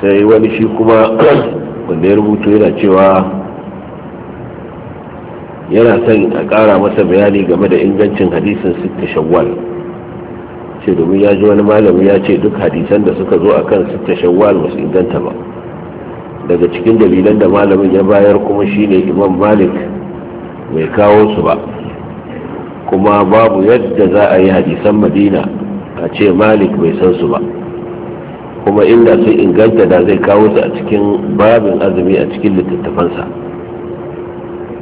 sai wani shi kuma wanda ya rubuto yana cewa yana son a kara masa bayani game da ingancin hadisin sitta shawwal ce domin ya ji wani malami ya ce duk hadisan da suka zo kan sitta shawwal masu inganta ba daga cikin dalilan da malamin ya bayar kuma shine imam malik mai kawo su ba kuma babu yadda za a yi hadisan madina a ce malik bai san su ba kuma inda sun inganta da zai kawo su a cikin babin azumi a cikin littattafansa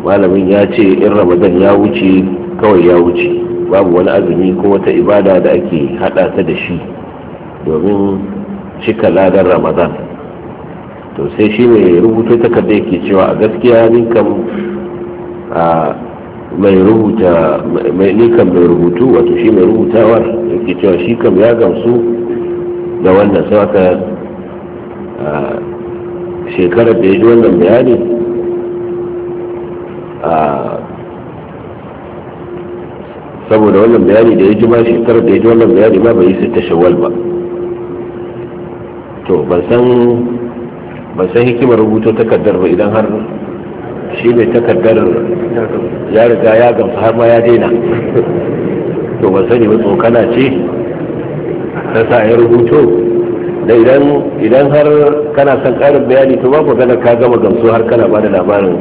malamin ya ce in ramadan ya wuce kawai ya wuce babu wani azumi ko wata ibada da ake hada ta da shi domin cika ladar ramadan to sai shi mai rubuto takarda yake cewa a gaskiya ninkan mai rubuta mai rubutu wato shi mai rubutawar yake cewa shi kam ya gamsu da wannan sai aka shekarar da ya ji wannan bayani saboda wannan bayani da ya ji ma shekarar da ya ji wannan bayani ma bai yi su tashawal ba to ban san ban san hikimar rubuto takardar ba idan har shi mai takardar ya riga ya gamsu har ma ya daina to ban sani ba tsokana ce ta sa ya rubuto da idan idan har kana son karin bayani to babu magana ka gama gamsu har kana ba da labarin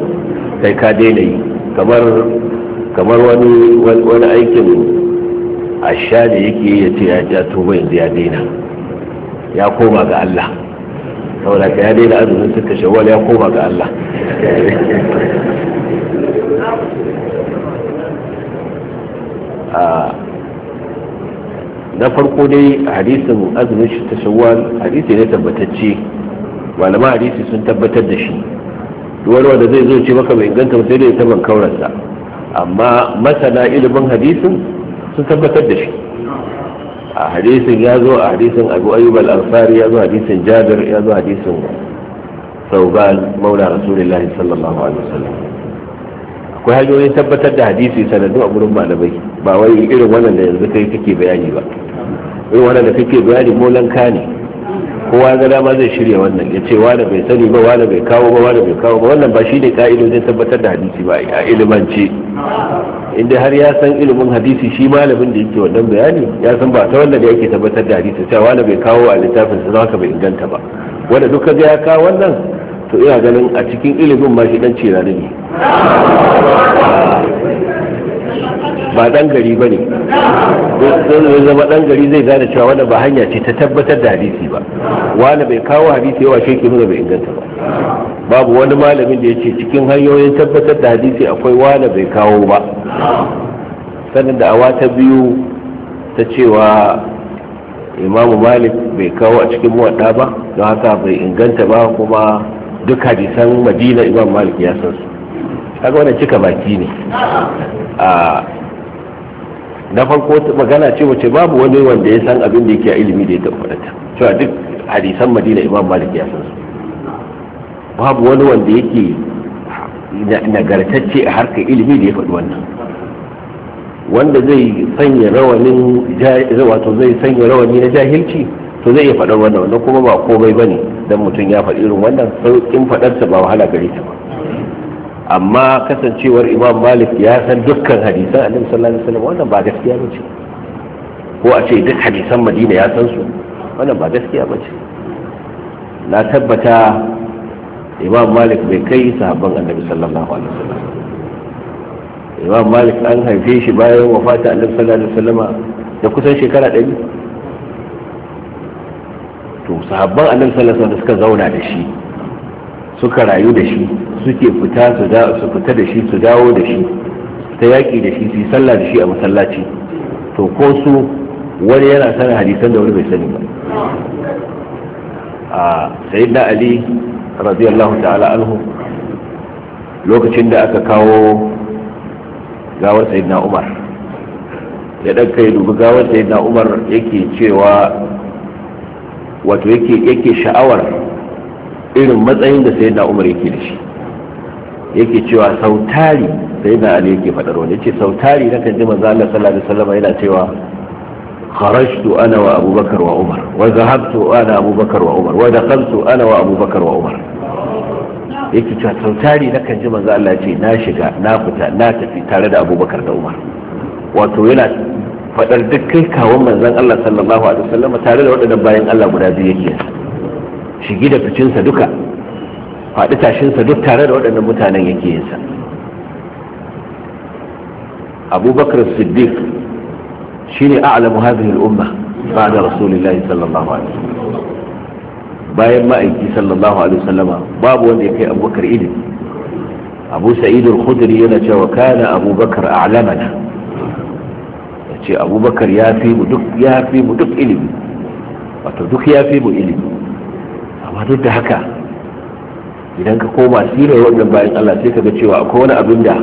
kai ka daina yi kamar kamar wani wani aikin asha da yake ya ce ya ja to yanzu ya daina ya koma ga Allah saboda ka ya daina azumin suka shawwal ya koma ga Allah a ah, na farko dai hadisin azumin shi ta shawwal hadisi ne tabbatacce malama hadisi sun tabbatar da shi wani wanda zai zo ce maka bai inganta sai dai ta ban kaurarsa amma masana ilimin hadisin sun tabbatar da shi a hadisin ya zo a hadisin abu ayyub al-ansari ya zo hadisin jabir ya zo hadisin sauban maula rasulullahi sallallahu alaihi wasallam akwai hanyoyin tabbatar da hadisi sanadu a gurin malamai ba wai irin wannan da yanzu kai kake bayani ba irin wannan da kake bayani ka ne kowa ga dama zai shirya wannan ya ce wani bai sani ba wani bai kawo ba wani bai kawo ba wannan ba shi ne ka'idojin tabbatar da hadisi ba a ilimance inda har ya san ilimin hadisi shi malamin da yake wannan bayani ya san ba ta wannan da yake tabbatar da hadisi cewa wani bai kawo a littafin sa haka bai inganta ba wanda duk ga ya kawo wannan to ina ganin a cikin ilimin ma shi dan cira ne ba dan gari bane sai zama dan gari zai gane cewa wannan ba hanya ce ta tabbatar da hadisi ba wani bai kawo hadisi yawa shi nuna bai inganta ba babu wani malamin da ya ce cikin hanyoyin tabbatar da hadisi akwai wani bai kawo ba sannan da awa ta biyu ta cewa imamu malik bai kawo a cikin muwadda ba don haka bai inganta ba kuma duk hadisan madina imam malik ya san su kaga wannan cika baki ne na farko magana ce wace babu wani wanda ya san abin da yake a ilimi da ya tabbatata cewa duk hadisan madina imam malik ya san su babu wani wanda yake nagartacce a harkar ilimi da ya faɗi wannan wanda zai sanya rawanin wato zai sanya rawani na jahilci to zai iya faɗar wannan wannan kuma ba komai bane dan mutum ya faɗi irin wannan in faɗarsa ba wahala gare ta ba amma kasancewar imam malik ya san dukkan hadisan annabi sallallahu alaihi wasallam wannan ba gaskiya ba ce ko a ce duk hadisan madina ya san su wannan ba gaskiya ba ce na tabbata imam malik bai kai sahabban annabi sallallahu alaihi wasallam imam malik an haife shi bayan wafata annabi sallallahu alaihi wasallam da kusan shekara ɗari to sahabban annabi sallallahu alaihi wasallam suka zauna da shi suka rayu da shi suke fita su fita da shi su dawo da shi ta yaƙi da shi su yi sallah da shi a masallaci to ko su wani yana sanin hadisan da wani bai sani ba a sayyidina ali radiyallahu ta'ala anhu lokacin da aka kawo gawar sayyidina umar ya dan kai dubi gawar sayyidina umar yake cewa wato yake yake sha'awar irin matsayin da sayyidina umar yake da shi yake cewa sautari sayyidina ali yake fadar wani yace sautari na kan ji manzo Allah sallallahu alaihi wasallam yana cewa kharajtu ana wa abubakar wa umar wa zahabtu ana abubakar wa umar wa dakhaltu ana wa abubakar wa umar yake cewa sautari na kan ji manzo Allah ce na shiga na fita na tafi tare da abubakar da umar wato yana faɗar duk kai kawon manzon Allah sallallahu alaihi wasallam tare da waɗannan bayan Allah guda biyu yake shigi da ficinsa duka faɗi tashinsa duk tare da waɗannan mutanen yake yinsa abubakar siddiq shi ne hadhihi al-umma ba'da rasulillahi sallallahu alaihi bayan ma'aiki sallallahu alaihi wasallama babu wanda ya kai abubakar ilimi abu sa'id al-khudri yana cewa kana abubakar a'lamana yace abubakar ya fi mu duk ya fi mu duk ilimi wato duk ya fi mu ilimi amma duk da haka idan ka koma sirar wannan bayan Allah sai ka ga cewa akwai wani abin da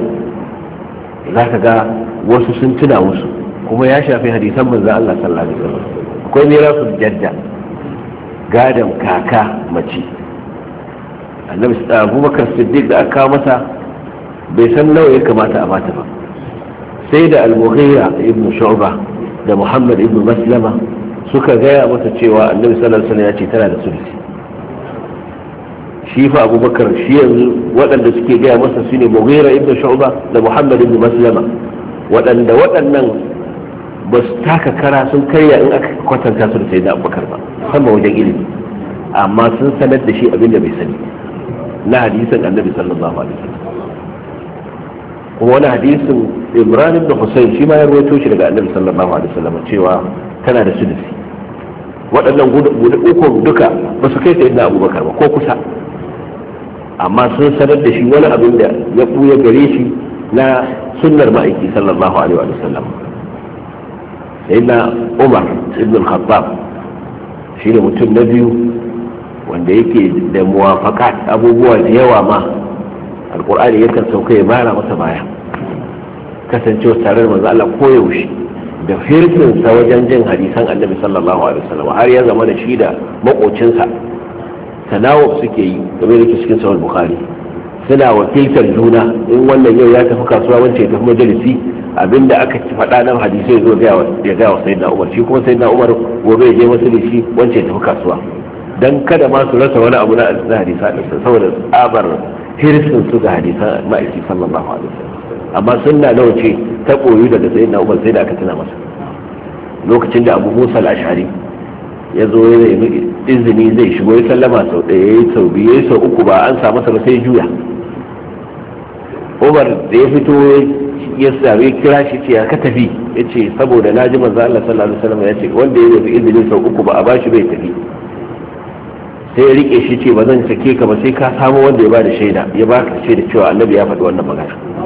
za ka ga wasu sun tuna musu kuma ya shafi hadisan manzan Allah sallallahu alaihi wasallam akwai mirasul jadda gadon kaka mace annabi abubakar siddiq da aka masa bai san nawa ya kamata a bata ba sai da al-mughira ibn shu'ba da muhammad ibn maslama suka gaya mata cewa annabi sallallahu alaihi wasallam ya ce tana da sulhi shi fa abubakar shi yanzu waɗanda suke gaya masa su ne mughira ibn shu'ba da muhammad ibn maslama waɗanda waɗannan ba su taka kara sun karya in aka kwatanta su da sai da abubakar ba musamman wajen ilimi amma sun sanar da shi abin da bai sani na hadisin annabi sallallahu alaihi kuma wani hadisin imran ibn husayn shi ma ya rawaito shi daga annabi sallallahu alaihi wasallam cewa tana da sudusi waɗannan uku duka ba su kai sayyidina abubakar ba ko kusa amma sun sanar da shi wani abin da ya buya gare shi na sunnar ma'aiki sallallahu alaihi wa sallam sai na umar ibn khattab shi ne mutum na biyu wanda yake da muwafaka abubuwa da yawa ma alkur'ani yakan sauka ya mara masa baya kasancewa tare da manzo Allah koyaushe da firkinsa wajen jin hadisan annabi sallallahu alaihi wasallam har ya zama da shi da makocinsa tanawuf suke yi game yake cikin sahih bukhari suna wakiltar juna in wannan yau ya tafi kasuwa wancan ya tafi majalisi abinda aka faɗa nan hadisi ya zo ya gaya wa sayyidina umar shi kuma sayyidina umar gobe ya je majalisi wancan ya tafi kasuwa dan kada ma su rasa wani abu na hadisa saboda tsabar hirsin su ga hadisa ma'aiki sallallahu alaihi wasallam amma sunna nawa ce ta koyu daga sayyidina umar sai da aka tuna masa lokacin da abu musa al-ashari ya zo ya izini zai shigo ya sallama sau ɗaya ya sau biyu ya sau uku ba an samu sa sai juya umar da ya fito ya sami kira shi ce ya ka tafi ya ce saboda na ji manzo Allah sallallahu alaihi wasallam ya ce wanda ya yi izini sau uku ba a bashi bai tafi sai ya rike shi ce ba zan sake ka ba sai ka samu wanda ya ba da shaida ya ba baka da cewa annabi ya faɗi wannan magana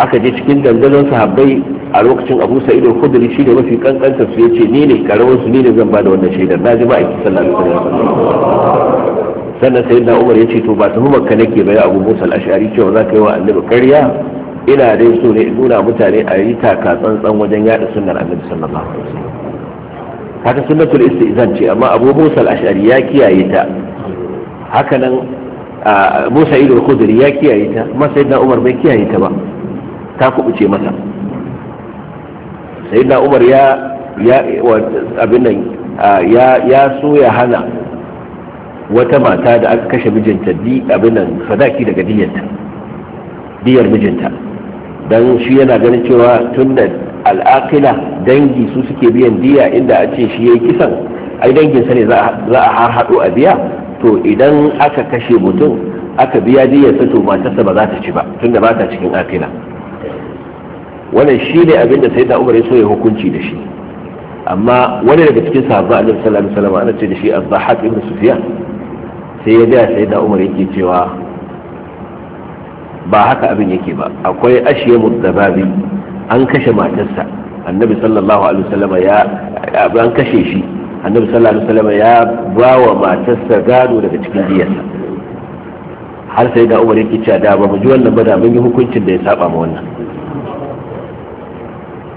aka je cikin dandazon sahabbai a lokacin abu sa'id al-khudri shi da mafi kankanta su yace ni ne karamin su ni ne zan bada wannan shaidar na ji ba aiki sallallahu alaihi wasallam sannan sai da umar yace to ba tuhumar ka nake bai abu musa al-ash'ari cewa za ka yi wa annabi karya ina dai so ne in nuna mutane a yi taka tsantsan wajen yada sunnar annabi sallallahu alaihi wasallam haka sunnatul istizan ce amma abu musa al-ash'ari ya kiyaye ta haka nan musa idul khudri ya kiyaye ta amma sai da umar bai kiyaye ta ba ta kubuce masa sai da umar ya ya ya so ya hana wata mata da aka kashe mijinta di abin sadaki daga diyarta diyar mijinta dan shi yana ganin cewa tunda al'aqila dangi su suke biyan diya inda a ce shi yayi kisan ai danginsa ne za a haɗo a biya to idan aka kashe mutum aka biya diyarsa to matarsa ba za ta ci ba tunda ba ta cikin akila wannan shi ne abinda sai da umar ya so ya hukunci da shi amma wani daga cikin sahabba a jirgin salamu salama ana ce da shi abba haƙi ibn sufiya sai ya gaya sai da umar yake cewa ba haka abin yake ba akwai ashiya muddababi an kashe matarsa annabi sallallahu alaihi wasallama ya an kashe shi annabi sallallahu alaihi wasallama ya ba wa matarsa gado daga cikin diyarsa har sai da umar yake cewa da ba mu ji wannan ba da mun yi hukuncin da ya saba ma wannan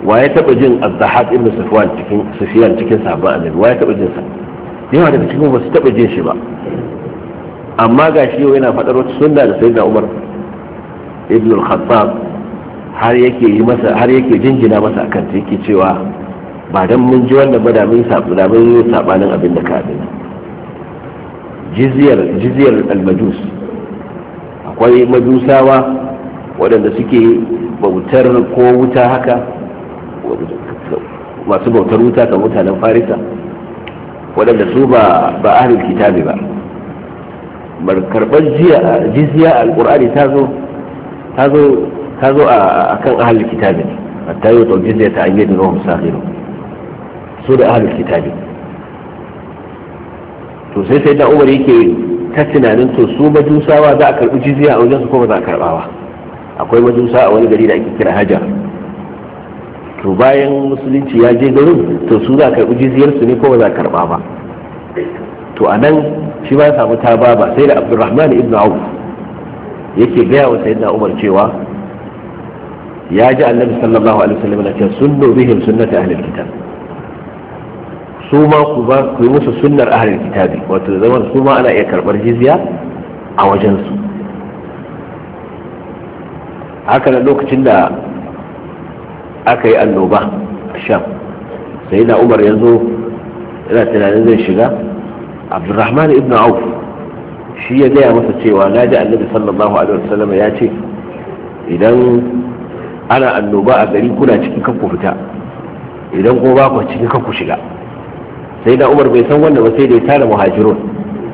wa ya taba jin azahad zahab ibn cikin sufyan cikin sahaba annabi wa ya taba jin sa yawa daga cikin ba su taba jin shi ba amma gashi yau yana faɗar wata sunna da sayyidina umar ibn al-khattab har yake yi masa har yake jinjina masa akan ta yake cewa ba dan mun ji wannan ba da mun sabu da mun sabanin abin da ka abin jiziyar jiziyar al-majus akwai majusawa waɗanda suke bautar ko wuta haka masu bautar wuta ga mutanen farisa waɗanda su ba ba ahlul kitabi ba bar karban jizya alƙur'ani ta zo ta zo ta zo a kan ahlul kitabi ne hatta yau ta jizya ta an yi da ruhun sahiru su da ahlul kitabi to sai sai da umar yake ta tunanin to su majusawa za a karbi jizya a wajen su ko ba za a karbawa akwai majusa a wani gari da ake kira hajar to bayan musulunci ya je garin to su za karɓi jiziyarsu ne ko ba za karɓa ba to a nan shi ba samu ta ba ba sai da abdurrahman ibn awu yake gaya wa sayyidina umar cewa ya ji annabi sallallahu alaihi wasallam na ce sunnu bihim sunnati ahlil kitab su ma ku ba ku yi musu sunnar ahlil kitabi wato zaman su ma ana iya karbar jiziya a wajensu haka da lokacin da aka yi annoba a sham sai na umar ya zo yana tunanin zai shiga abdurrahman ibn auf shi ya gaya masa cewa na ji annabi sallallahu alaihi wasallam ya ce idan ana annoba a gari kuna cikin kan ku fita idan kuma ba ku cikin kan ku shiga sai na umar bai san wanda ba sai dai tare muhajirun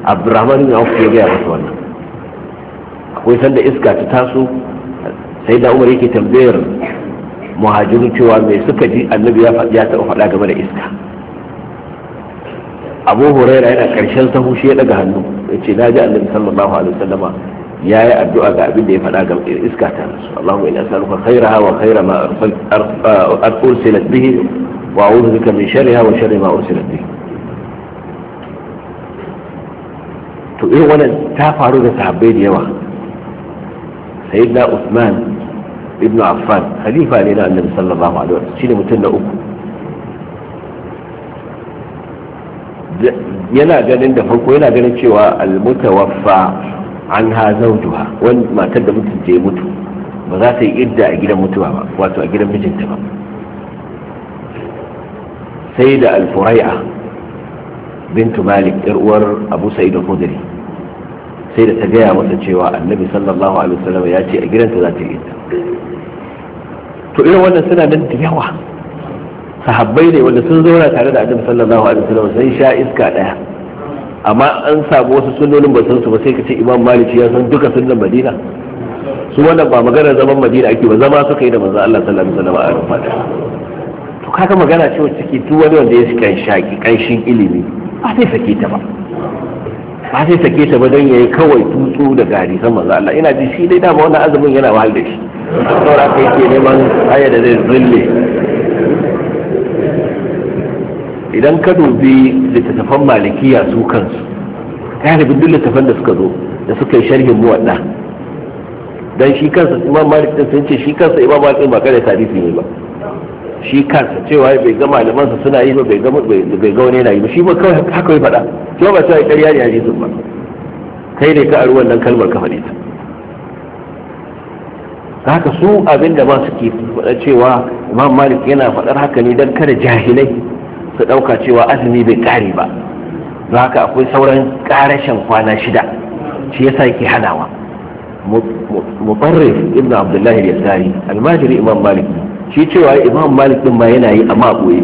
abdurrahman ibn auf ya gaya masa wannan akwai sanda iska ta taso sai da umar yake tambayar muhajiru cewa mai suka ji annabi ya taɓa faɗa game da iska abu huraira yana ƙarshen sahu shi ya daga hannu ya ce na ji annabi sallallahu alaihi wasallama ya yi addu'a ga abin da ya faɗa game da iska ta rasu allahumma ina as'aluka khairaha wa khaira ma arsalta bihi wa a'udhu bika min sharriha wa sharri ma ursilat bihi to irin wannan ta faru da sahabbai da yawa sayyidina usman ibn affan khalifa ne na annabi sallallahu alaihi wasallam shine mutum na uku yana ganin da farko yana ganin cewa almutawaffa an ha zawjuha wani matar da mutunta ya mutu ba za ta yi idda a gidan mutuwa ba wato a gidan mijinta ba sai da alfurai'a bintu malik yar uwar abu sa'id al-khudri sai da ta gaya masa cewa annabi sallallahu alaihi wasallam ya ce a gidanta za ta yi idda to irin wannan suna nan da yawa sahabbai ne wanda sun zauna tare da annabi sallallahu alaihi wasallam sai sha iska daya amma an samu wasu sunnonin ba su ba sai ka ce imam maliki ya san duka sunnan madina su wannan ba magana zaman madina ake ba zama suka yi da manzo Allah sallallahu alaihi wasallam a rufa to kaga magana ce wacce ke duk wani wanda ya kan shaki kanshin ilimi ba sai sake ta ba ba sai sake ta ba don yayi kawai tutsu da gari san manzo Allah ina ji shi dai dama wannan azumin yana wahal da shi saura kai yake neman aya da zai zille idan ka dubi littattafan malikiya su kansu ya da duk littattafan da suka zo da suka yi sharhin muwadda dan shi kansa imam malik din sun ce shi kansa imam malik ba kada tarihi ne ba shi kansa cewa bai ga malaman su suna yi ba bai ga bai ga wani yana yi ba shi ba kawai haka ya faɗa cewa ba sai ƙarya ne hadisin ba kai ne ka aru wannan kalmar ka faɗi ta da haka su abinda ba su ke faɗa cewa imam malik yana faɗar haka ne don kada jahilai su ɗauka cewa azumi bai ƙare ba don haka akwai sauran ƙarashin kwana shida shi yasa yake hanawa mubarrif ibn abdullahi al-yassari almajiri imam malik shi cewa imam malik din ma yana yi amma boye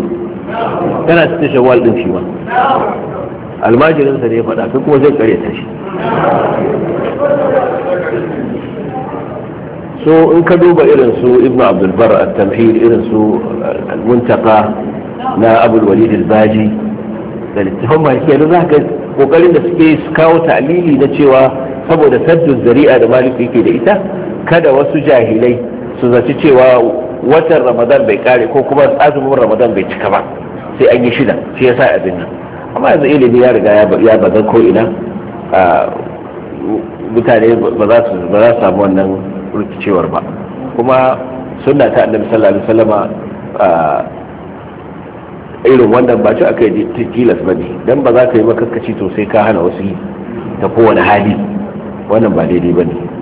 kana cikin shawwal din shi ma almajirinsa ne ya faɗa kai kuma zai kare ta shi so in ka duba irin su ibn abdulbar al-tamhid irin su al-muntaka na abul walid al-baji da littafin yake da za kokarin da suke kawo ta'lili na cewa saboda saddun zari'a da maliki yake da ita kada wasu jahilai su zaci cewa watan ramadan bai kare ko kuma azumin ramadan bai cika ba sai an yi shida shi yasa abin nan amma yanzu ilimi ya riga ya baza ko ina mutane ba za su samu wannan rikicewar ba kuma sunna ta annabi sallallahu alaihi a irin wannan ba ci aka yi tilas ba ne don ba za ka yi makakaci to sai ka hana wasu ta kowane hali wannan ba daidai ba ne